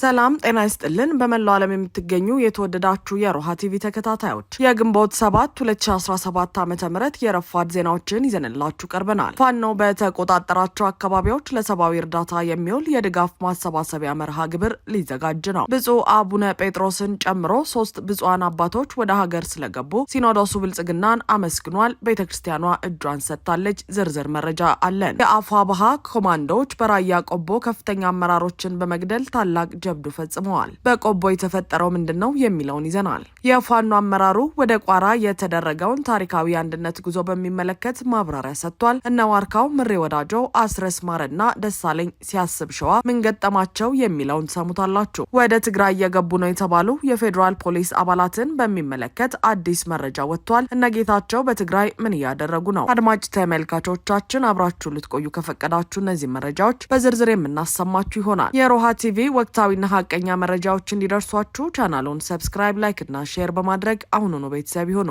ሰላም ጤና ይስጥልን። በመላው ዓለም የምትገኙ የተወደዳችሁ የሮሃ ቲቪ ተከታታዮች የግንቦት 7 2017 ዓ ም የረፋድ ዜናዎችን ይዘንላችሁ ቀርበናል። ፋኖ በተቆጣጠራቸው አካባቢዎች ለሰብአዊ እርዳታ የሚውል የድጋፍ ማሰባሰቢያ መርሃ ግብር ሊዘጋጅ ነው። ብፁዕ አቡነ ጴጥሮስን ጨምሮ ሶስት ብፁዓን አባቶች ወደ ሀገር ስለገቡ ሲኖዶሱ ብልጽግናን አመስግኗል። ቤተ ክርስቲያኗ እጇን ሰጥታለች። ዝርዝር መረጃ አለን። የአፋ ባሃ ኮማንዶዎች በራያ ቆቦ ከፍተኛ አመራሮችን በመግደል ታላቅ ጀብዱ ፈጽመዋል። በቆቦ የተፈጠረው ምንድን ነው የሚለውን ይዘናል። የፋኖ አመራሩ ወደ ቋራ የተደረገውን ታሪካዊ አንድነት ጉዞ በሚመለከት ማብራሪያ ሰጥቷል። እነ ዋርካው ምሬ ወዳጆ፣ አስረስ ማረና ደሳለኝ ሲያስብ ሸዋ ምን ገጠማቸው የሚለውን ሰሙታላችሁ። ወደ ትግራይ እየገቡ ነው የተባሉ የፌዴራል ፖሊስ አባላትን በሚመለከት አዲስ መረጃ ወጥቷል። እነ ጌታቸው በትግራይ ምን እያደረጉ ነው? አድማጭ ተመልካቾቻችን አብራችሁ ልትቆዩ ከፈቀዳችሁ እነዚህ መረጃዎች በዝርዝር የምናሰማችሁ ይሆናል። የሮሃ ቲቪ ወቅታዊ ወቅታዊና ሀቀኛ መረጃዎች እንዲደርሷችሁ ቻናሉን ሰብስክራይብ፣ ላይክ እና ሼር በማድረግ አሁኑኑ ቤተሰብ ይሁኑ።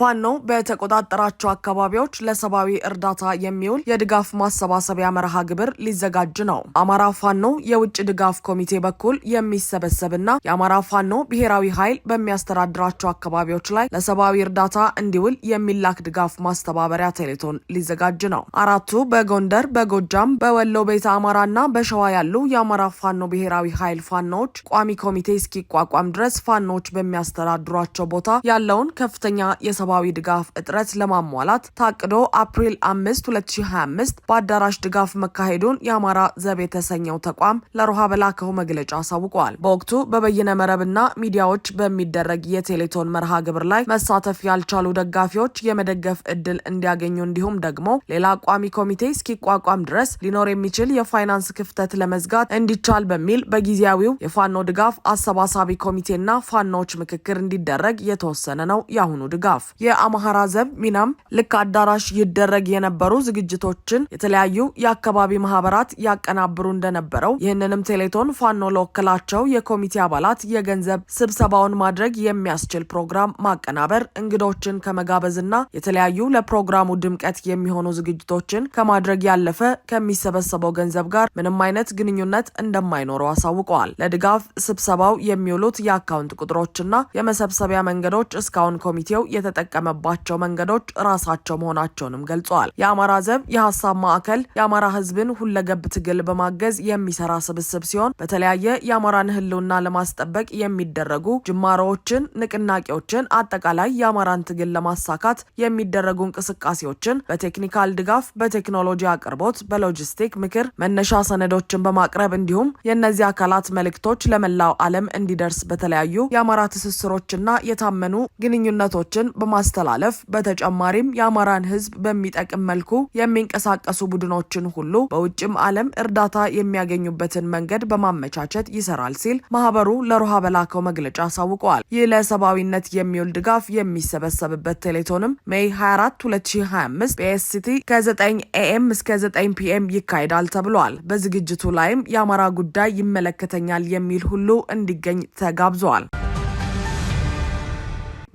ፋኖ በተቆጣጠራቸው አካባቢዎች ለሰብአዊ እርዳታ የሚውል የድጋፍ ማሰባሰቢያ መርሃ ግብር ሊዘጋጅ ነው። አማራ ፋኖ የውጭ ድጋፍ ኮሚቴ በኩል የሚሰበሰብና የአማራ ፋኖ ብሔራዊ ኃይል በሚያስተዳድራቸው አካባቢዎች ላይ ለሰብአዊ እርዳታ እንዲውል የሚላክ ድጋፍ ማስተባበሪያ ቴሌቶን ሊዘጋጅ ነው። አራቱ በጎንደር፣ በጎጃም፣ በወሎ ቤተ አማራና በሸዋ ያሉ የአማራ ፋኖ ብሔራዊ ኃይል ፋኖዎች ቋሚ ኮሚቴ እስኪቋቋም ድረስ ፋኖዎች በሚያስተዳድሯቸው ቦታ ያለውን ከፍተኛ የሰ የሰብአዊ ድጋፍ እጥረት ለማሟላት ታቅዶ አፕሪል 5 2025 በአዳራሽ ድጋፍ መካሄዱን የአማራ ዘብ የተሰኘው ተቋም ለሮሃ በላከው መግለጫ አሳውቀዋል። በወቅቱ በበይነ መረብና ሚዲያዎች በሚደረግ የቴሌቶን መርሃ ግብር ላይ መሳተፍ ያልቻሉ ደጋፊዎች የመደገፍ እድል እንዲያገኙ እንዲሁም ደግሞ ሌላ ቋሚ ኮሚቴ እስኪቋቋም ድረስ ሊኖር የሚችል የፋይናንስ ክፍተት ለመዝጋት እንዲቻል በሚል በጊዜያዊው የፋኖ ድጋፍ አሰባሳቢ ኮሚቴና ፋኖዎች ምክክር እንዲደረግ የተወሰነ ነው። የአሁኑ ድጋፍ የአማራ ዘብ ሚናም ልክ አዳራሽ ይደረግ የነበሩ ዝግጅቶችን የተለያዩ የአካባቢ ማህበራት ያቀናብሩ እንደነበረው ይህንንም ቴሌቶን ፋኖ ለወከላቸው የኮሚቴ አባላት የገንዘብ ስብሰባውን ማድረግ የሚያስችል ፕሮግራም ማቀናበር፣ እንግዶችን ከመጋበዝና የተለያዩ ለፕሮግራሙ ድምቀት የሚሆኑ ዝግጅቶችን ከማድረግ ያለፈ ከሚሰበሰበው ገንዘብ ጋር ምንም አይነት ግንኙነት እንደማይኖረው አሳውቀዋል። ለድጋፍ ስብሰባው የሚውሉት የአካውንት ቁጥሮችና የመሰብሰቢያ መንገዶች እስካሁን ኮሚቴው የተጠቀ የተጠቀመባቸው መንገዶች ራሳቸው መሆናቸውንም ገልጸዋል። የአማራ ዘብ የሀሳብ ማዕከል የአማራ ህዝብን ሁለገብ ትግል በማገዝ የሚሰራ ስብስብ ሲሆን በተለያየ የአማራን ህልውና ለማስጠበቅ የሚደረጉ ጅማሮዎችን፣ ንቅናቄዎችን፣ አጠቃላይ የአማራን ትግል ለማሳካት የሚደረጉ እንቅስቃሴዎችን በቴክኒካል ድጋፍ፣ በቴክኖሎጂ አቅርቦት፣ በሎጂስቲክ ምክር፣ መነሻ ሰነዶችን በማቅረብ እንዲሁም የእነዚህ አካላት መልእክቶች ለመላው ዓለም እንዲደርስ በተለያዩ የአማራ ትስስሮችና የታመኑ ግንኙነቶችን በ በማስተላለፍ በተጨማሪም የአማራን ህዝብ በሚጠቅም መልኩ የሚንቀሳቀሱ ቡድኖችን ሁሉ በውጭም ዓለም እርዳታ የሚያገኙበትን መንገድ በማመቻቸት ይሰራል ሲል ማህበሩ ለሮሃ በላከው መግለጫ አሳውቀዋል። ይህ ለሰብአዊነት የሚውል ድጋፍ የሚሰበሰብበት ቴሌቶንም ሜይ 24 2025 በኤስሲቲ ከ9 ኤኤም እስከ 9 ፒኤም ይካሄዳል ተብሏል። በዝግጅቱ ላይም የአማራ ጉዳይ ይመለከተኛል የሚል ሁሉ እንዲገኝ ተጋብዘዋል።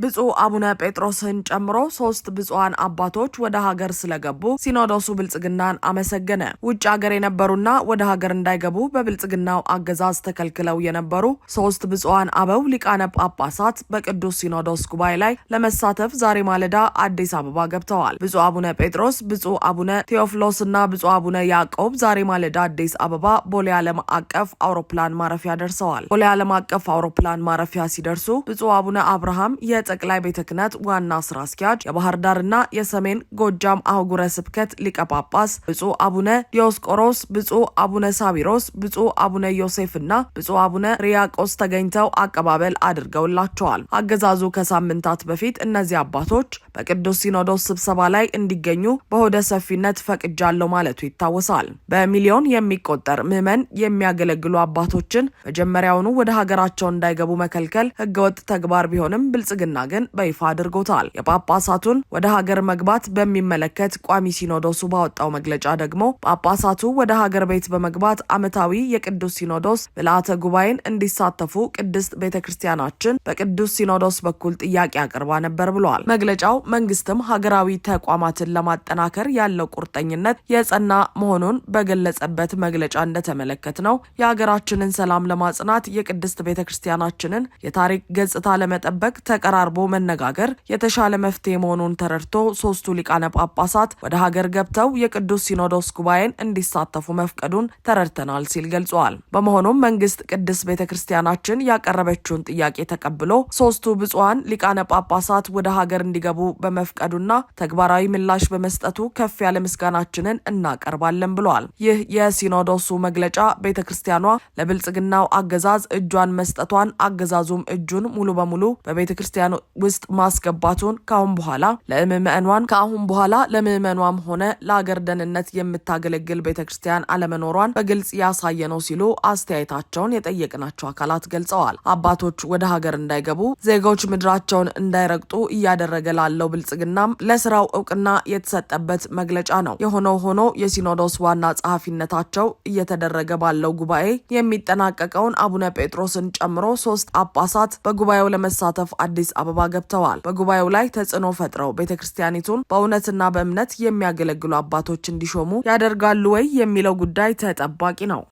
ብፁዕ አቡነ ጴጥሮስን ጨምሮ ሶስት ብፁዓን አባቶች ወደ ሀገር ስለገቡ ሲኖዶሱ ብልጽግናን አመሰገነ። ውጭ ሀገር የነበሩና ወደ ሀገር እንዳይገቡ በብልጽግናው አገዛዝ ተከልክለው የነበሩ ሶስት ብፁዓን አበው ሊቃነ ጳጳሳት በቅዱስ ሲኖዶስ ጉባኤ ላይ ለመሳተፍ ዛሬ ማለዳ አዲስ አበባ ገብተዋል። ብፁዕ አቡነ ጴጥሮስ፣ ብፁዕ አቡነ ቴዎፍሎስ እና ብፁዕ አቡነ ያዕቆብ ዛሬ ማለዳ አዲስ አበባ ቦሌ ዓለም አቀፍ አውሮፕላን ማረፊያ ደርሰዋል። ቦሌ ዓለም አቀፍ አውሮፕላን ማረፊያ ሲደርሱ ብፁዕ አቡነ አብርሃም የ የጠቅላይ ቤተ ክህነት ዋና ስራ አስኪያጅ የባህር ዳርና የሰሜን ጎጃም አህጉረ ስብከት ሊቀ ጳጳስ ብፁዕ አቡነ ዲዮስቆሮስ፣ ብፁ አቡነ ሳቢሮስ፣ ብፁ አቡነ ዮሴፍ እና ብፁ አቡነ ሪያቆስ ተገኝተው አቀባበል አድርገውላቸዋል። አገዛዙ ከሳምንታት በፊት እነዚህ አባቶች በቅዱስ ሲኖዶስ ስብሰባ ላይ እንዲገኙ በሆደ ሰፊነት ፈቅጃለሁ ማለቱ ይታወሳል። በሚሊዮን የሚቆጠር ምዕመን የሚያገለግሉ አባቶችን መጀመሪያውኑ ወደ ሀገራቸው እንዳይገቡ መከልከል ህገወጥ ተግባር ቢሆንም ብልጽግና ትናንትና ግን በይፋ አድርጎታል። የጳጳሳቱን ወደ ሀገር መግባት በሚመለከት ቋሚ ሲኖዶሱ ባወጣው መግለጫ ደግሞ ጳጳሳቱ ወደ ሀገር ቤት በመግባት ዓመታዊ የቅዱስ ሲኖዶስ ምልአተ ጉባኤን እንዲሳተፉ ቅድስት ቤተ ክርስቲያናችን በቅዱስ ሲኖዶስ በኩል ጥያቄ አቅርባ ነበር ብለዋል። መግለጫው መንግስትም ሀገራዊ ተቋማትን ለማጠናከር ያለው ቁርጠኝነት የጸና መሆኑን በገለጸበት መግለጫ እንደተመለከት ነው የሀገራችንን ሰላም ለማጽናት የቅድስት ቤተ ክርስቲያናችንን የታሪክ ገጽታ ለመጠበቅ ተቀራ ተቀራርቦ መነጋገር የተሻለ መፍትሄ መሆኑን ተረድቶ ሶስቱ ሊቃነ ጳጳሳት ወደ ሀገር ገብተው የቅዱስ ሲኖዶስ ጉባኤን እንዲሳተፉ መፍቀዱን ተረድተናል ሲል ገልጸዋል። በመሆኑም መንግስት ቅድስት ቤተ ክርስቲያናችን ያቀረበችውን ጥያቄ ተቀብሎ ሶስቱ ብፁዓን ሊቃነ ጳጳሳት ወደ ሀገር እንዲገቡ በመፍቀዱና ተግባራዊ ምላሽ በመስጠቱ ከፍ ያለ ምስጋናችንን እናቀርባለን ብለዋል። ይህ የሲኖዶሱ መግለጫ ቤተ ክርስቲያኗ ለብልጽግናው አገዛዝ እጇን መስጠቷን አገዛዙም እጁን ሙሉ በሙሉ በቤተ ክርስቲያኑ ውስጥ ማስገባቱን ካሁን በኋላ ለምዕመኗን ከአሁን በኋላ ለምዕመኗም ሆነ ለአገር ደህንነት የምታገለግል ቤተ ክርስቲያን አለመኖሯን በግልጽ ያሳየ ነው ሲሉ አስተያየታቸውን የጠየቅናቸው አካላት ገልጸዋል። አባቶች ወደ ሀገር እንዳይገቡ፣ ዜጎች ምድራቸውን እንዳይረግጡ እያደረገ ላለው ብልጽግናም ለስራው እውቅና የተሰጠበት መግለጫ ነው። የሆነው ሆኖ የሲኖዶስ ዋና ጸሐፊነታቸው እየተደረገ ባለው ጉባኤ የሚጠናቀቀውን አቡነ ጴጥሮስን ጨምሮ ሶስት አጳሳት በጉባኤው ለመሳተፍ አዲስ አበባ አበባ ገብተዋል። በጉባኤው ላይ ተጽዕኖ ፈጥረው ቤተ ክርስቲያኒቱን በእውነትና በእምነት የሚያገለግሉ አባቶች እንዲሾሙ ያደርጋሉ ወይ የሚለው ጉዳይ ተጠባቂ ነው።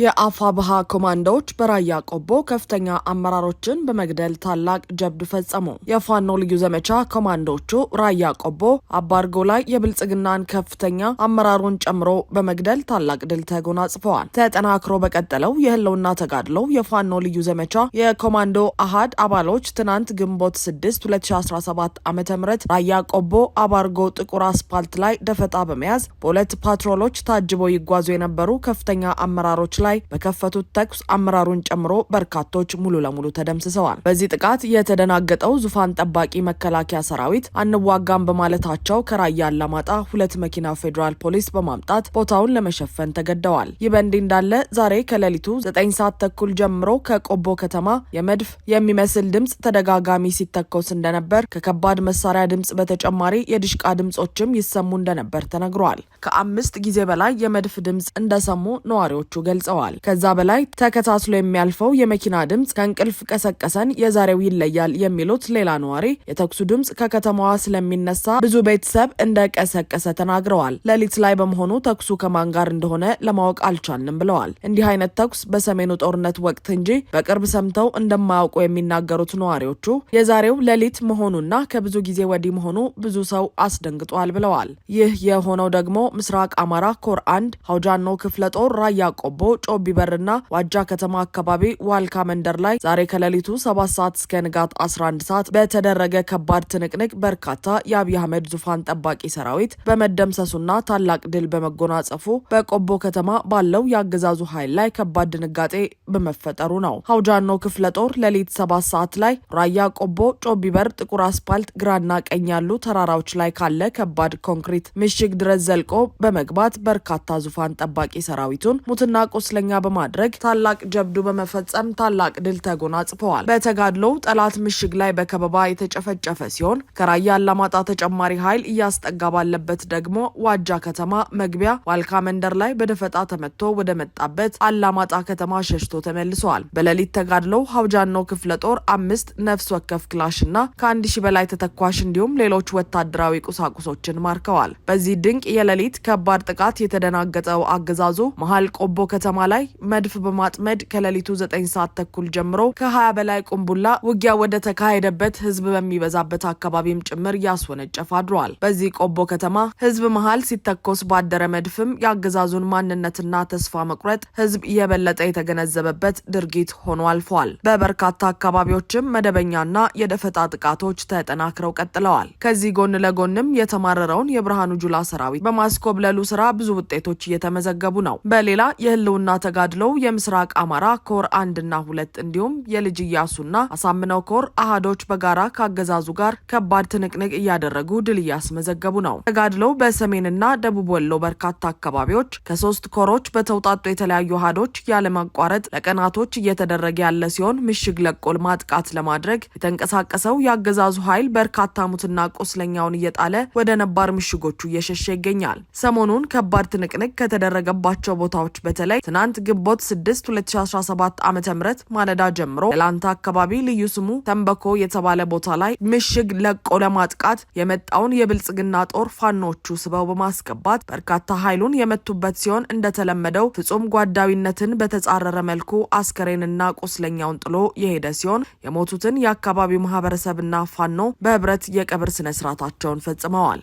የአፋብሃ ኮማንዶዎች በራያ ቆቦ ከፍተኛ አመራሮችን በመግደል ታላቅ ጀብድ ፈጸሙ። የፋኖ ልዩ ዘመቻ ኮማንዶዎቹ ራያ ቆቦ አባርጎ ላይ የብልጽግናን ከፍተኛ አመራሩን ጨምሮ በመግደል ታላቅ ድል ተጎናጽፈዋል። ተጠናክሮ በቀጠለው የህልውና ተጋድለው የፋኖ ልዩ ዘመቻ የኮማንዶ አሃድ አባሎች ትናንት ግንቦት 6 2017 ዓ ም ራያ ቆቦ አባርጎ ጥቁር አስፓልት ላይ ደፈጣ በመያዝ በሁለት ፓትሮሎች ታጅበው ይጓዙ የነበሩ ከፍተኛ አመራሮች ላይ በከፈቱት ተኩስ አመራሩን ጨምሮ በርካቶች ሙሉ ለሙሉ ተደምስሰዋል። በዚህ ጥቃት የተደናገጠው ዙፋን ጠባቂ መከላከያ ሰራዊት አንዋጋም በማለታቸው ከራያ አላማጣ ሁለት መኪና ፌዴራል ፖሊስ በማምጣት ቦታውን ለመሸፈን ተገደዋል። ይህ በእንዲህ እንዳለ ዛሬ ከሌሊቱ ዘጠኝ ሰዓት ተኩል ጀምሮ ከቆቦ ከተማ የመድፍ የሚመስል ድምፅ ተደጋጋሚ ሲተኮስ እንደነበር ከከባድ መሳሪያ ድምፅ በተጨማሪ የድሽቃ ድምፆችም ይሰሙ እንደነበር ተነግሯል። ከአምስት ጊዜ በላይ የመድፍ ድምፅ እንደሰሙ ነዋሪዎቹ ገልጸዋል። ገልጸዋል። ከዛ በላይ ተከታትሎ የሚያልፈው የመኪና ድምፅ ከእንቅልፍ ቀሰቀሰን፣ የዛሬው ይለያል የሚሉት ሌላ ነዋሪ የተኩሱ ድምፅ ከከተማዋ ስለሚነሳ ብዙ ቤተሰብ እንደቀሰቀሰ ተናግረዋል። ሌሊት ላይ በመሆኑ ተኩሱ ከማን ጋር እንደሆነ ለማወቅ አልቻልንም ብለዋል። እንዲህ አይነት ተኩስ በሰሜኑ ጦርነት ወቅት እንጂ በቅርብ ሰምተው እንደማያውቁ የሚናገሩት ነዋሪዎቹ የዛሬው ሌሊት መሆኑና ከብዙ ጊዜ ወዲህ መሆኑ ብዙ ሰው አስደንግጧል ብለዋል። ይህ የሆነው ደግሞ ምስራቅ አማራ ኮር አንድ ሀውጃኖ ክፍለ ጦር ራያ ቆቦ ጮቢበርና ዋጃ ከተማ አካባቢ ዋልካ መንደር ላይ ዛሬ ከሌሊቱ 7 ሰዓት እስከ ንጋት 11 ሰዓት በተደረገ ከባድ ትንቅንቅ በርካታ የአብይ አህመድ ዙፋን ጠባቂ ሰራዊት በመደምሰሱና ታላቅ ድል በመጎናጸፉ በቆቦ ከተማ ባለው የአገዛዙ ኃይል ላይ ከባድ ድንጋጤ በመፈጠሩ ነው። ሀውጃኖ ክፍለ ጦር ሌሊት 7 ሰዓት ላይ ራያ ቆቦ ጮቢበር ጥቁር አስፓልት ግራና ቀኝ ያሉ ተራራዎች ላይ ካለ ከባድ ኮንክሪት ምሽግ ድረስ ዘልቆ በመግባት በርካታ ዙፋን ጠባቂ ሰራዊቱን ሙትና ቁስ ቁስለኛ በማድረግ ታላቅ ጀብዱ በመፈጸም ታላቅ ድል ተጎናጽፈዋል። በተጋድሎው ጠላት ምሽግ ላይ በከበባ የተጨፈጨፈ ሲሆን ከራያ አላማጣ ተጨማሪ ኃይል እያስጠጋ ባለበት ደግሞ ዋጃ ከተማ መግቢያ ዋልካ መንደር ላይ በደፈጣ ተመቶ ወደ መጣበት አላማጣ ከተማ ሸሽቶ ተመልሰዋል። በሌሊት ተጋድሎው ሀውጃኖ ክፍለ ጦር አምስት ነፍስ ወከፍ ክላሽ ከአንድ ሺህ በላይ ተተኳሽ እንዲሁም ሌሎች ወታደራዊ ቁሳቁሶችን ማርከዋል። በዚህ ድንቅ የሌሊት ከባድ ጥቃት የተደናገጠው አገዛዙ መሀል ቆቦ ከተማ ከተማ ላይ መድፍ በማጥመድ ከሌሊቱ ዘጠኝ ሰዓት ተኩል ጀምሮ ከሀያ በላይ ቁምቡላ ውጊያ ወደ ተካሄደበት ህዝብ በሚበዛበት አካባቢም ጭምር ያስወነጨፍ አድሯል። በዚህ ቆቦ ከተማ ህዝብ መሀል ሲተኮስ ባደረ መድፍም የአገዛዙን ማንነትና ተስፋ መቁረጥ ህዝብ የበለጠ የተገነዘበበት ድርጊት ሆኖ አልፏል። በበርካታ አካባቢዎችም መደበኛና የደፈጣ ጥቃቶች ተጠናክረው ቀጥለዋል። ከዚህ ጎን ለጎንም የተማረረውን የብርሃኑ ጁላ ሰራዊት በማስኮብለሉ ስራ ብዙ ውጤቶች እየተመዘገቡ ነው። በሌላ የህልውና የህልውና ተጋድለው የምስራቅ አማራ ኮር አንድና ሁለት እንዲሁም የልጅ እያሱና አሳምነው ኮር አህዶች በጋራ ካገዛዙ ጋር ከባድ ትንቅንቅ እያደረጉ ድል እያስመዘገቡ ነው። ተጋድለው በሰሜንና ደቡብ ወሎ በርካታ አካባቢዎች ከሶስት ኮሮች በተውጣጡ የተለያዩ አህዶች ያለማቋረጥ ለቀናቶች እየተደረገ ያለ ሲሆን ምሽግ ለቆል ማጥቃት ለማድረግ የተንቀሳቀሰው የአገዛዙ ኃይል በርካታ ሙትና ቁስለኛውን እየጣለ ወደ ነባር ምሽጎቹ እየሸሸ ይገኛል። ሰሞኑን ከባድ ትንቅንቅ ከተደረገባቸው ቦታዎች በተለይ ትናንት ግንቦት 6 2017 ዓ ም ማለዳ ጀምሮ ላንታ አካባቢ ልዩ ስሙ ተንበኮ የተባለ ቦታ ላይ ምሽግ ለቆ ለማጥቃት የመጣውን የብልጽግና ጦር ፋኖቹ ስበው በማስገባት በርካታ ኃይሉን የመቱበት ሲሆን እንደተለመደው ፍጹም ጓዳዊነትን በተጻረረ መልኩ አስከሬንና ቁስለኛውን ጥሎ የሄደ ሲሆን የሞቱትን የአካባቢው ማህበረሰብና ፋኖ በህብረት የቀብር ስነስርዓታቸውን ፈጽመዋል።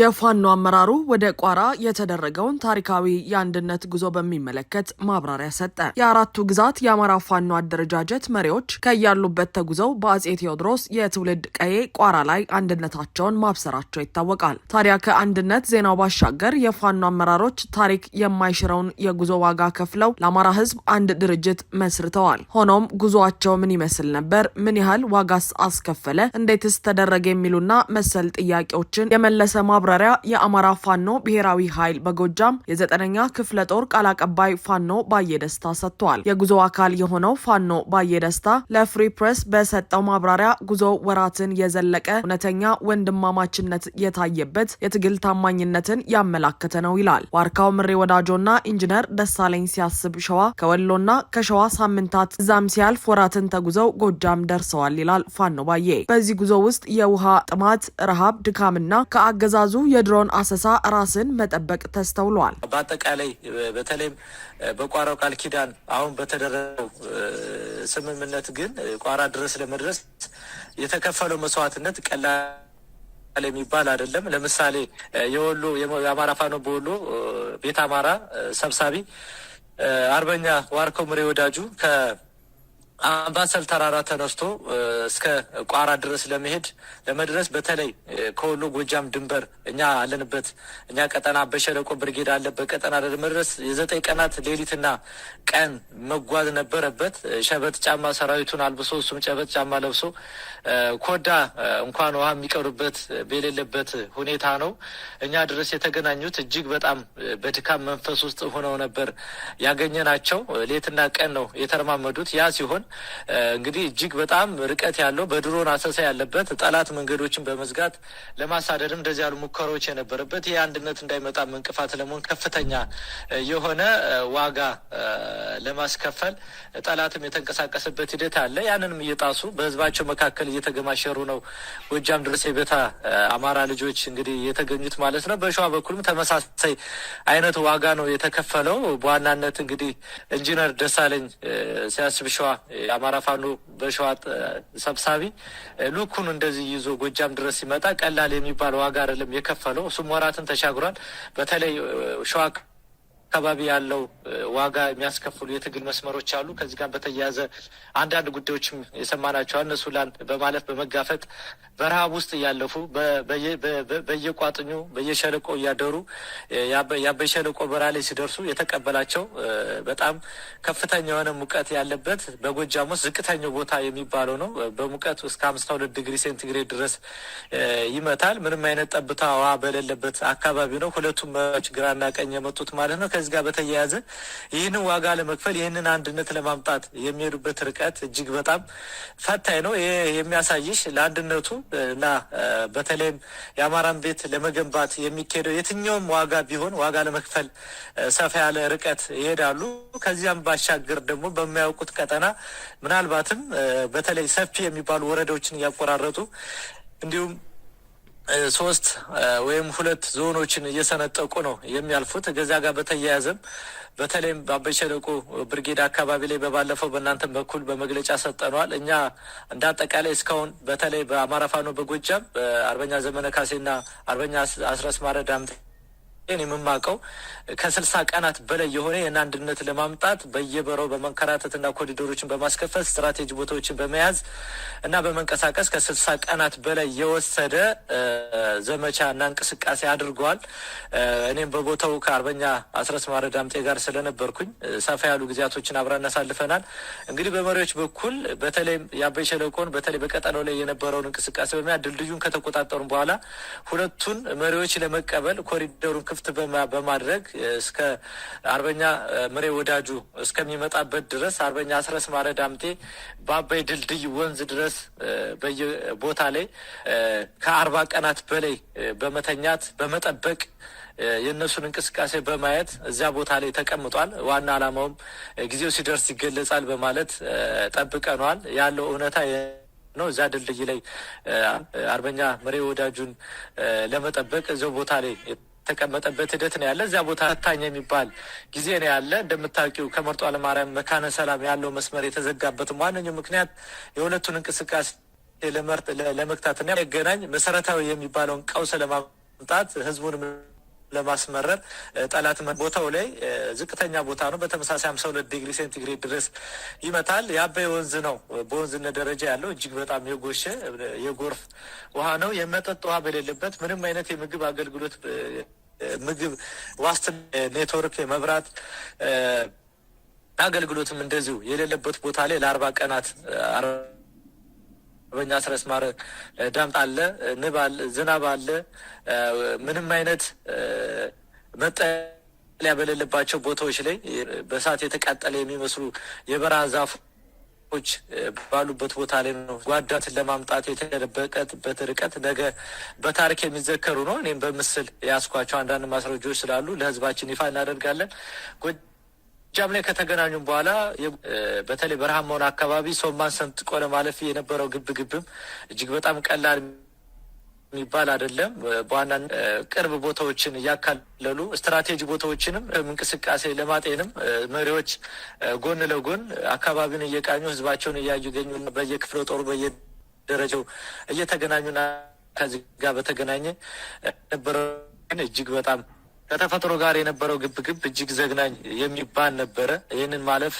የፋኖ አመራሩ ወደ ቋራ የተደረገውን ታሪካዊ የአንድነት ጉዞ በሚመለከት ማብራሪያ ሰጠ። የአራቱ ግዛት የአማራ ፋኖ አደረጃጀት መሪዎች ከያሉበት ተጉዘው በአጼ ቴዎድሮስ የትውልድ ቀዬ ቋራ ላይ አንድነታቸውን ማብሰራቸው ይታወቃል። ታዲያ ከአንድነት ዜናው ባሻገር የፋኖ አመራሮች ታሪክ የማይሽረውን የጉዞ ዋጋ ከፍለው ለአማራ ሕዝብ አንድ ድርጅት መስርተዋል። ሆኖም ጉዞአቸው ምን ይመስል ነበር? ምን ያህል ዋጋስ አስከፈለ? እንዴትስ ተደረገ? የሚሉና መሰል ጥያቄዎችን የመለሰ ማብራሪያ የአማራ ፋኖ ብሔራዊ ኃይል በጎጃም የዘጠነኛ ክፍለ ጦር ቃል አቀባይ ፋኖ ባየ ደስታ ሰጥቷል። የጉዞ አካል የሆነው ፋኖ ባየ ደስታ ለፍሪ ፕሬስ በሰጠው ማብራሪያ ጉዞ ወራትን የዘለቀ እውነተኛ ወንድማማችነት የታየበት የትግል ታማኝነትን ያመላከተ ነው ይላል። ዋርካው ምሬ ወዳጆና ኢንጂነር ደሳለኝ ሲያስብ ሸዋ ከወሎና ከሸዋ ሳምንታት እዛም ሲያልፍ ወራትን ተጉዘው ጎጃም ደርሰዋል ይላል ፋኖ ባየ። በዚህ ጉዞ ውስጥ የውሃ ጥማት፣ ረሃብ፣ ድካምና ከአገዛዙ በተያዙ የድሮን አሰሳ ራስን መጠበቅ ተስተውሏል። በአጠቃላይ በተለይም በቋራው ቃል ኪዳን አሁን በተደረገው ስምምነት ግን ቋራ ድረስ ለመድረስ የተከፈለው መስዋዕትነት ቀላል የሚባል አይደለም። ለምሳሌ የወሎ የአማራ ፋኖ በወሎ ቤት አማራ ሰብሳቢ አርበኛ ዋርከው ምሬ ወዳጁ ከ አምባሰል ተራራ ተነስቶ እስከ ቋራ ድረስ ለመሄድ ለመድረስ በተለይ ከወሎ ጎጃም ድንበር እኛ አለንበት እኛ ቀጠና በሸለቆ ብርጌድ አለበት ቀጠና ለመድረስ የዘጠኝ ቀናት ሌሊትና ቀን መጓዝ ነበረበት። ሸበጥ ጫማ ሰራዊቱን አልብሶ እሱም ጨበጥ ጫማ ለብሶ ኮዳ እንኳን ውሃ የሚቀሩበት በሌለበት ሁኔታ ነው እኛ ድረስ የተገናኙት። እጅግ በጣም በድካም መንፈስ ውስጥ ሆነው ነበር ያገኘናቸው። ሌትና ቀን ነው የተረማመዱት። ያ ሲሆን እንግዲህ እጅግ በጣም ርቀት ያለው በድሮን አሰሳ ያለበት ጠላት መንገዶችን በመዝጋት ለማሳደድም እንደዚህ ያሉ ሙከራዎች የነበረበት ይህ አንድነት እንዳይመጣ እንቅፋት ለመሆን ከፍተኛ የሆነ ዋጋ ለማስከፈል ጠላትም የተንቀሳቀሰበት ሂደት አለ። ያንንም እየጣሱ በህዝባቸው መካከል እየተገማሸሩ ነው። ጎጃም ድረስ የቤታ አማራ ልጆች እንግዲህ የተገኙት ማለት ነው። በሸዋ በኩልም ተመሳሳይ አይነት ዋጋ ነው የተከፈለው። በዋናነት እንግዲህ ኢንጂነር ደሳለኝ ሲያስብ ሸዋ የአማራ ፋኖ በሸዋ ሰብሳቢ ልኩን እንደዚህ ይዞ ጎጃም ድረስ ሲመጣ ቀላል የሚባል ዋጋ አይደለም የከፈለው። እሱም ወራትን ተሻግሯል። በተለይ ሸዋ አካባቢ ያለው ዋጋ የሚያስከፍሉ የትግል መስመሮች አሉ። ከዚህ ጋር በተያያዘ አንዳንድ ጉዳዮችም የሰማናቸዋል። ላን በማለፍ በመጋፈጥ በረሃብ ውስጥ እያለፉ በየቋጥኙ በየሸለቆ እያደሩ የአበይ ሸለቆ በረሃ ላይ ሲደርሱ የተቀበላቸው በጣም ከፍተኛ የሆነ ሙቀት ያለበት በጎጃም ውስጥ ዝቅተኛው ቦታ የሚባለው ነው። በሙቀት እስከ አምስት ሁለት ዲግሪ ሴንቲግሬድ ድረስ ይመታል። ምንም አይነት ጠብታ ውሃ በሌለበት አካባቢ ነው። ሁለቱም ግራና ቀኝ የመጡት ማለት ነው። ከዚህ ጋር በተያያዘ ይህንን ዋጋ ለመክፈል ይህንን አንድነት ለማምጣት የሚሄዱበት ርቀት እጅግ በጣም ፈታኝ ነው። ይሄ የሚያሳይሽ ለአንድነቱ እና በተለይም የአማራን ቤት ለመገንባት የሚካሄደው የትኛውም ዋጋ ቢሆን ዋጋ ለመክፈል ሰፋ ያለ ርቀት ይሄዳሉ። ከዚያም ባሻገር ደግሞ በሚያውቁት ቀጠና ምናልባትም በተለይ ሰፊ የሚባሉ ወረዳዎችን እያቆራረጡ እንዲሁም ሶስት ወይም ሁለት ዞኖችን እየሰነጠቁ ነው የሚያልፉት። ከዚያ ጋር በተያያዘም በተለይም በአባይ ሸለቆ ብርጌድ አካባቢ ላይ በባለፈው በእናንተም በኩል በመግለጫ ሰጠነዋል። እኛ እንደ አጠቃላይ እስካሁን በተለይ በአማራ ፋኖ በጎጃም በአርበኛ ዘመነ ካሴና አርበኛ አስረስ ማረ ዳምጤ ግን የምማቀው ከስልሳ ቀናት በላይ የሆነ ይህን አንድነት ለማምጣት በየበረው በመንከራተትና ኮሪዶሮችን በማስከፈት ስትራቴጂ ቦታዎችን በመያዝ እና በመንቀሳቀስ ከስልሳ ቀናት በላይ የወሰደ ዘመቻ እና እንቅስቃሴ አድርጓል። እኔም በቦታው ከአርበኛ አስረስ ማረ ዳምጤ ጋር ስለነበርኩኝ ሰፋ ያሉ ጊዜያቶችን አብረን እናሳልፈናል። እንግዲህ በመሪዎች በኩል በተለይም የአባይ ሸለቆን በተለይ በቀጠናው ላይ የነበረውን እንቅስቃሴ በሚያ ድልድዩን ከተቆጣጠሩ በኋላ ሁለቱን መሪዎች ለመቀበል ኮሪደሩን ክፍት በማድረግ እስከ አርበኛ ምሬ ወዳጁ እስከሚመጣበት ድረስ አርበኛ አስረስ ማረ በአባይ ድልድይ ወንዝ ድረስ በየቦታ ላይ ከአርባ ቀናት በላይ በመተኛት በመጠበቅ የእነሱን እንቅስቃሴ በማየት እዚያ ቦታ ላይ ተቀምጧል። ዋና ዓላማውም ጊዜው ሲደርስ ይገለጻል በማለት ጠብቀኗል። ያለው እውነታ ነው። እዛ ድልድይ ላይ አርበኛ ምሬ ወዳጁን ለመጠበቅ እዚው ቦታ ላይ የተቀመጠበት ሂደት ነው ያለ። እዚያ ቦታ ታኝ የሚባል ጊዜ ነው ያለ። እንደምታውቂው ከመርጦ አለማርያም መካነ ሰላም ያለው መስመር የተዘጋበትም ዋነኛው ምክንያት የሁለቱን እንቅስቃሴ ለመግታትና የገናኝ መሰረታዊ የሚባለውን ቀውስ ለማምጣት ህዝቡን ለማስመረር ጠላት ቦታው ላይ ዝቅተኛ ቦታ ነው። በተመሳሳይ ሀምሳ ሁለት ዲግሪ ሴንቲግሬድ ድረስ ይመታል። የአባይ ወንዝ ነው በወንዝነት ደረጃ ያለው እጅግ በጣም የጎሸ የጎርፍ ውሃ ነው። የመጠጥ ውሃ በሌለበት ምንም አይነት የምግብ አገልግሎት ምግብ ዋስትና፣ ኔትወርክ፣ የመብራት አገልግሎትም እንደዚሁ የሌለበት ቦታ ላይ ለአርባ ቀናት በእኛ ስረስ ዳምጥ አለ፣ ንብ አለ፣ ዝናብ አለ። ምንም አይነት መጠለያ በሌለባቸው ቦታዎች ላይ በእሳት የተቃጠለ የሚመስሉ የበረሃ ዛፎች ባሉበት ቦታ ላይ ነው ጓዳትን ለማምጣት የተደበቀበት ርቀት ነገ በታሪክ የሚዘከሩ ነው። እኔም በምስል ያስኳቸው አንዳንድ ማስረጃዎች ስላሉ ለህዝባችን ይፋ እናደርጋለን። ጃም ላይ ከተገናኙም በኋላ በተለይ በረሃማውን አካባቢ ሶማን ሰንጥቆ ለማለፍ የነበረው ግብ ግብም እጅግ በጣም ቀላል የሚባል አይደለም። በዋና ቅርብ ቦታዎችን እያካለሉ ስትራቴጂ ቦታዎችንም እንቅስቃሴ ለማጤንም መሪዎች ጎን ለጎን አካባቢውን እየቃኙ ህዝባቸውን እያዩ ገኙ በየክፍለ ጦሩ በየደረጃው እየተገናኙና ከዚህ ጋር በተገናኘ ነበረ እጅግ በጣም ከተፈጥሮ ጋር የነበረው ግብግብ እጅግ ዘግናኝ የሚባል ነበረ። ይህንን ማለፍ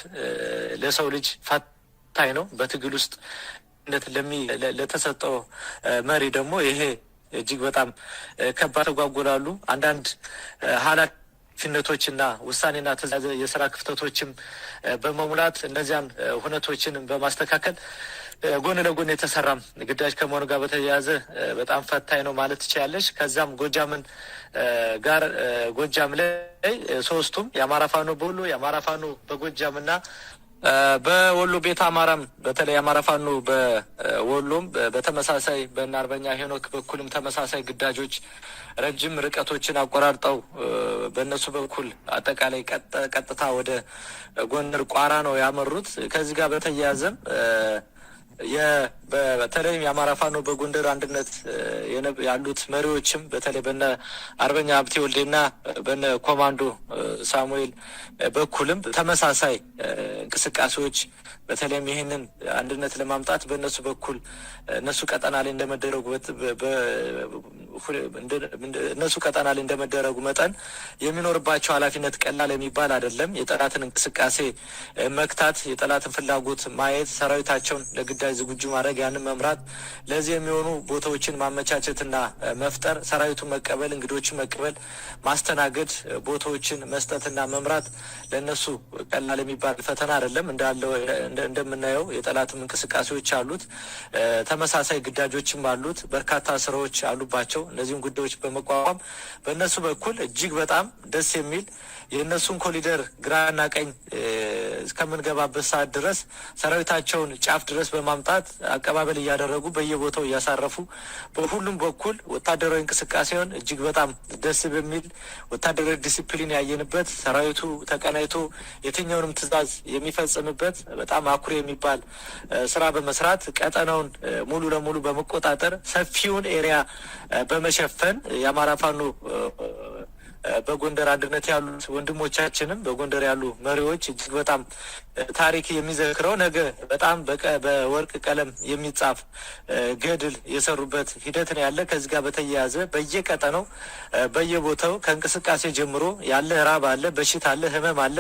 ለሰው ልጅ ፈታኝ ነው። በትግል ውስጥ ነት ለተሰጠው መሪ ደግሞ ይሄ እጅግ በጣም ከባድ ተጓጉላሉ። አንዳንድ ኃላፊነቶችና ውሳኔና ትዕዛዝ የስራ ክፍተቶችም በመሙላት እነዚያን ሁነቶችን በማስተካከል ጎን ለጎን የተሰራም ግዳጅ ከመሆኑ ጋር በተያያዘ በጣም ፈታኝ ነው ማለት ትችላለች። ከዛም ጎጃምን ጋር ጎጃም ላይ ሶስቱም የአማራ ፋኖ በወሎ የአማራ ፋኖ በጎጃም እና በወሎ ቤት አማራም በተለይ አማራ ፋኖ በወሎም በተመሳሳይ በእነ አርበኛ ሄኖክ በኩልም ተመሳሳይ ግዳጆች ረጅም ርቀቶችን አቆራርጠው በእነሱ በኩል አጠቃላይ ቀጥታ ወደ ጎንደር ቋራ ነው ያመሩት። ከዚህ ጋር በተያያዘም በተለይም የአማራ ፋኖ በጎንደር አንድነት ያሉት መሪዎችም በተለይ በነ አርበኛ ሀብቴ ወልዴና በነ ኮማንዶ ሳሙኤል በኩልም ተመሳሳይ እንቅስቃሴዎች በተለይም ይህንን አንድነት ለማምጣት በእነሱ በኩል እነሱ ቀጠና ላይ እንደመደረጉ እነሱ ቀጠና ላይ እንደመደረጉ መጠን የሚኖርባቸው ኃላፊነት ቀላል የሚባል አይደለም። የጠላትን እንቅስቃሴ መክታት፣ የጠላትን ፍላጎት ማየት፣ ሰራዊታቸውን ለግዳ ላይ ዝግጁ ማድረግ፣ ያንን መምራት፣ ለዚህ የሚሆኑ ቦታዎችን ማመቻቸትና መፍጠር፣ ሰራዊቱን መቀበል፣ እንግዶችን መቀበል፣ ማስተናገድ፣ ቦታዎችን መስጠትና መምራት ለእነሱ ቀላል የሚባል ፈተና አይደለም። እንዳለው እንደምናየው የጠላትም እንቅስቃሴዎች አሉት። ተመሳሳይ ግዳጆችም አሉት። በርካታ ስራዎች አሉባቸው። እነዚህም ጉዳዮች በመቋቋም በእነሱ በኩል እጅግ በጣም ደስ የሚል የእነሱን ኮሊደር ግራና ቀኝ እስከምንገባበት ሰዓት ድረስ ሰራዊታቸውን ጫፍ ድረስ በማም በመምጣት አቀባበል እያደረጉ በየቦታው እያሳረፉ በሁሉም በኩል ወታደራዊ እንቅስቃሴውን እጅግ በጣም ደስ በሚል ወታደራዊ ዲሲፕሊን ያየንበት ሰራዊቱ ተቀናይቶ የትኛውንም ትዕዛዝ የሚፈጽምበት በጣም አኩሪ የሚባል ስራ በመስራት ቀጠናውን ሙሉ ለሙሉ በመቆጣጠር ሰፊውን ኤሪያ በመሸፈን የአማራ ፋኖ በጎንደር አንድነት ያሉት ወንድሞቻችንም በጎንደር ያሉ መሪዎች እጅግ በጣም ታሪክ የሚዘክረው ነገ በጣም በወርቅ ቀለም የሚጻፍ ገድል የሰሩበት ሂደት ነው ያለ። ከዚህ ጋር በተያያዘ በየቀጠነው በየቦታው ከእንቅስቃሴ ጀምሮ ያለ ራብ አለ፣ በሽታ አለ፣ ህመም አለ።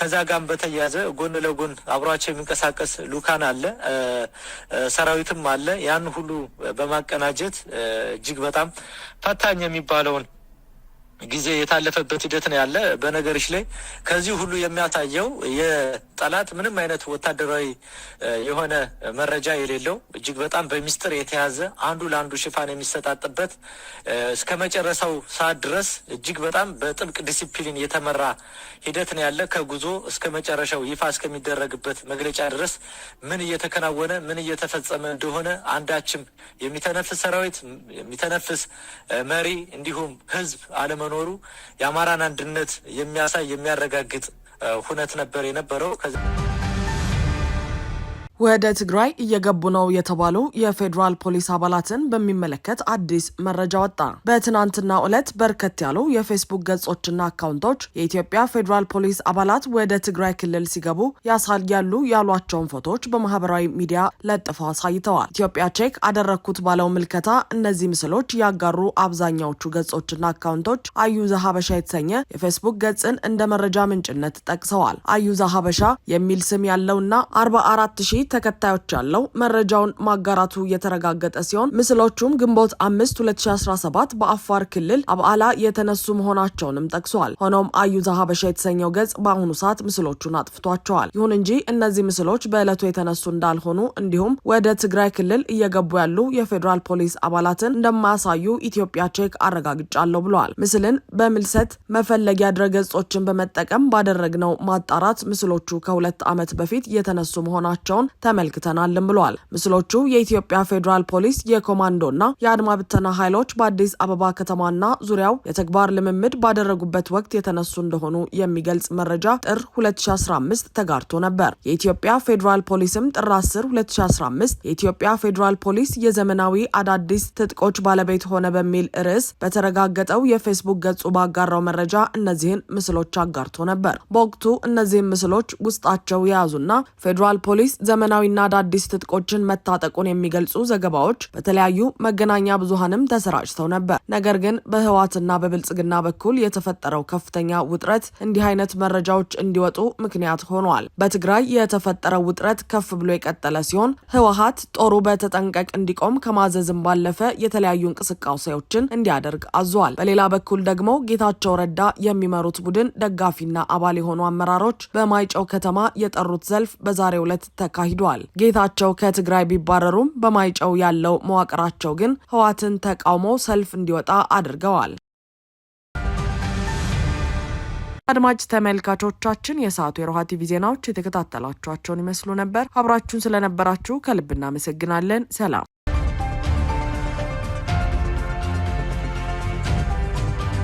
ከዛ ጋም በተያያዘ ጎን ለጎን አብሯቸው የሚንቀሳቀስ ሉካን አለ፣ ሰራዊትም አለ። ያን ሁሉ በማቀናጀት እጅግ በጣም ፈታኝ የሚባለውን ጊዜ የታለፈበት ሂደት ነው ያለ። በነገሮች ላይ ከዚህ ሁሉ የሚያሳየው የጠላት ምንም አይነት ወታደራዊ የሆነ መረጃ የሌለው እጅግ በጣም በሚስጥር የተያዘ አንዱ ለአንዱ ሽፋን የሚሰጣጥበት እስከ መጨረሻው ሰዓት ድረስ እጅግ በጣም በጥብቅ ዲሲፕሊን የተመራ ሂደት ነው ያለ። ከጉዞ እስከ መጨረሻው ይፋ እስከሚደረግበት መግለጫ ድረስ ምን እየተከናወነ ምን እየተፈጸመ እንደሆነ አንዳችም የሚተነፍስ ሰራዊት የሚተነፍስ መሪ እንዲሁም ህዝብ አለመ መኖሩ የአማራን አንድነት የሚያሳይ የሚያረጋግጥ ሁነት ነበር የነበረው። ወደ ትግራይ እየገቡ ነው የተባሉ የፌዴራል ፖሊስ አባላትን በሚመለከት አዲስ መረጃ ወጣ። በትናንትናው ዕለት በርከት ያሉ የፌስቡክ ገጾችና አካውንቶች የኢትዮጵያ ፌዴራል ፖሊስ አባላት ወደ ትግራይ ክልል ሲገቡ ያሳያሉ ያሏቸውን ፎቶዎች በማህበራዊ ሚዲያ ለጥፈው አሳይተዋል። ኢትዮጵያ ቼክ አደረግኩት ባለው ምልከታ እነዚህ ምስሎች ያጋሩ አብዛኛዎቹ ገጾችና አካውንቶች አዩዘ ሀበሻ የተሰኘ የፌስቡክ ገጽን እንደ መረጃ ምንጭነት ጠቅሰዋል። አዩዘ ሀበሻ የሚል ስም ያለውና አርባ አራት ሺህ ሺህ ተከታዮች ያለው መረጃውን ማጋራቱ የተረጋገጠ ሲሆን ምስሎቹም ግንቦት አምስት 2017 በአፋር ክልል አብዓላ የተነሱ መሆናቸውንም ጠቅሷል። ሆኖም አዩዛ ሀበሻ የተሰኘው ገጽ በአሁኑ ሰዓት ምስሎቹን አጥፍቷቸዋል። ይሁን እንጂ እነዚህ ምስሎች በዕለቱ የተነሱ እንዳልሆኑ እንዲሁም ወደ ትግራይ ክልል እየገቡ ያሉ የፌዴራል ፖሊስ አባላትን እንደማያሳዩ ኢትዮጵያ ቼክ አረጋግጫለሁ ብለዋል። ምስልን በምልሰት መፈለጊያ ድረገጾችን በመጠቀም ባደረግነው ማጣራት ምስሎቹ ከሁለት ዓመት በፊት የተነሱ መሆናቸውን ተመልክተናልም ብሏል። ምስሎቹ የኢትዮጵያ ፌዴራል ፖሊስ የኮማንዶና የአድማ ብተና ኃይሎች በአዲስ አበባ ከተማና ዙሪያው የተግባር ልምምድ ባደረጉበት ወቅት የተነሱ እንደሆኑ የሚገልጽ መረጃ ጥር 2015 ተጋርቶ ነበር። የኢትዮጵያ ፌዴራል ፖሊስም ጥር 10 2015 የኢትዮጵያ ፌዴራል ፖሊስ የዘመናዊ አዳዲስ ትጥቆች ባለቤት ሆነ በሚል ርዕስ በተረጋገጠው የፌስቡክ ገጹ ባጋራው መረጃ እነዚህን ምስሎች አጋርቶ ነበር። በወቅቱ እነዚህን ምስሎች ውስጣቸው የያዙና ፌዴራል ፖሊስ ዘመ ዘመናዊና አዳዲስ ትጥቆችን መታጠቁን የሚገልጹ ዘገባዎች በተለያዩ መገናኛ ብዙሃንም ተሰራጭተው ነበር። ነገር ግን በህወሓትና በብልጽግና በኩል የተፈጠረው ከፍተኛ ውጥረት እንዲህ አይነት መረጃዎች እንዲወጡ ምክንያት ሆኗል። በትግራይ የተፈጠረው ውጥረት ከፍ ብሎ የቀጠለ ሲሆን ህወሓት ጦሩ በተጠንቀቅ እንዲቆም ከማዘዝም ባለፈ የተለያዩ እንቅስቃሴዎችን እንዲያደርግ አዟል። በሌላ በኩል ደግሞ ጌታቸው ረዳ የሚመሩት ቡድን ደጋፊና አባል የሆኑ አመራሮች በማይጨው ከተማ የጠሩት ዘልፍ በዛሬው ዕለት ተካሂዷል። ሂዷል። ጌታቸው ከትግራይ ቢባረሩም በማይጨው ያለው መዋቅራቸው ግን ህዋትን ተቃውሞ ሰልፍ እንዲወጣ አድርገዋል። አድማጭ ተመልካቾቻችን የሰዓቱ የሮሃ ቲቪ ዜናዎች የተከታተላችኋቸውን ይመስሉ ነበር። አብራችሁን ስለነበራችሁ ከልብ እናመሰግናለን። ሰላም